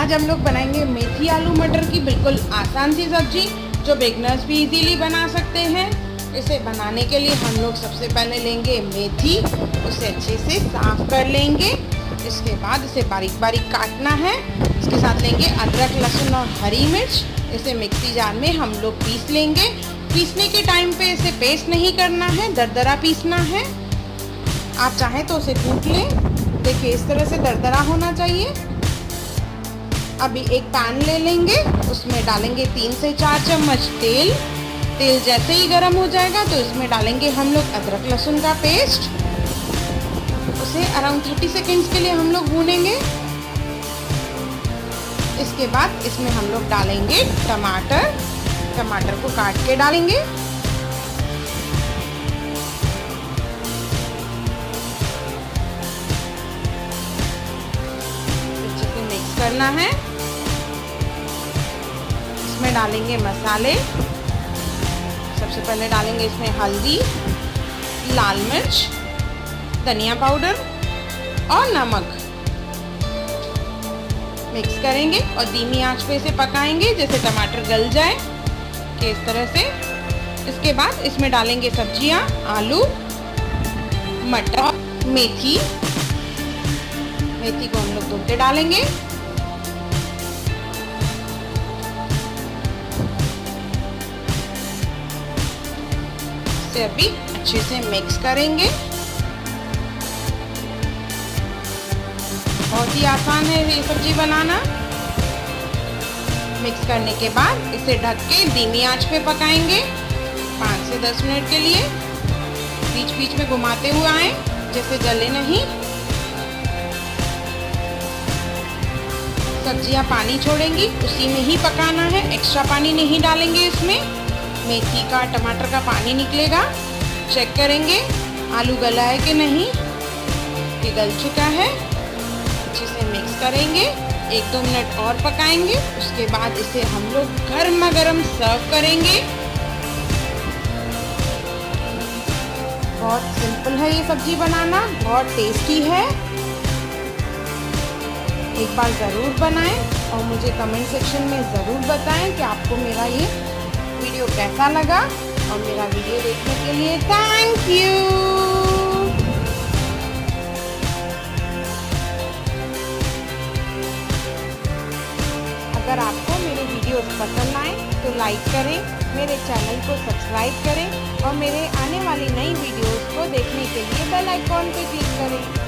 आज हम लोग बनाएंगे मेथी आलू मटर की बिल्कुल आसान सी सब्जी जो बिगनर्स भी इजीली बना सकते हैं इसे बनाने के लिए हम लोग सबसे पहले लेंगे मेथी उसे अच्छे से साफ कर लेंगे इसके बाद इसे बारीक बारीक काटना है इसके साथ लेंगे अदरक लहसुन और हरी मिर्च इसे मिक्सी जार में हम लोग पीस लेंगे पीसने के टाइम पे इसे पेस्ट नहीं करना है दरदरा पीसना है आप चाहें तो उसे कूट लें देखिए इस तरह से दरदरा होना चाहिए अभी एक पैन ले लेंगे उसमें डालेंगे तीन से चार चम्मच तेल तेल जैसे ही गर्म हो जाएगा तो इसमें डालेंगे हम लोग अदरक लहसुन का पेस्ट उसे अराउंड थर्टी सेकेंड्स के लिए हम लोग भूनेंगे इसके बाद इसमें हम लोग डालेंगे टमाटर टमाटर को काट के डालेंगे चिकन मिक्स करना है इसमें डालेंगे मसाले सबसे पहले डालेंगे इसमें हल्दी लाल मिर्च धनिया पाउडर और नमक मिक्स करेंगे और धीमी आंच पे इसे पकाएंगे जैसे टमाटर गल जाए कि इस तरह से इसके बाद इसमें डालेंगे सब्जियां आलू मटर मेथी मेथी को हम लोग धोते डालेंगे इसे अभी अच्छे से मिक्स करेंगे बहुत ही आसान है ये सब्जी बनाना मिक्स करने के बाद इसे ढक के धीमी आंच पे पकाएंगे पाँच से दस मिनट के लिए बीच बीच में घुमाते हुए आए जैसे जले नहीं सब्जियां पानी छोड़ेंगी उसी में ही पकाना है एक्स्ट्रा पानी नहीं डालेंगे इसमें मेथी का टमाटर का पानी निकलेगा चेक करेंगे आलू गला है कि नहीं ये गल चुका है अच्छे से मिक्स करेंगे एक दो मिनट और पकाएंगे उसके बाद इसे हम लोग गर्मा गर्म सर्व करेंगे बहुत सिंपल है ये सब्जी बनाना बहुत टेस्टी है एक बार ज़रूर बनाएं और मुझे कमेंट सेक्शन में ज़रूर बताएं कि आपको मेरा ये वीडियो कैसा लगा और मेरा वीडियो देखने के लिए थैंक यू अगर आपको मेरे वीडियोस पसंद आए तो लाइक करें मेरे चैनल को सब्सक्राइब करें और मेरे आने वाली नई वीडियोस को देखने के लिए बेल आइकॉन पर क्लिक करें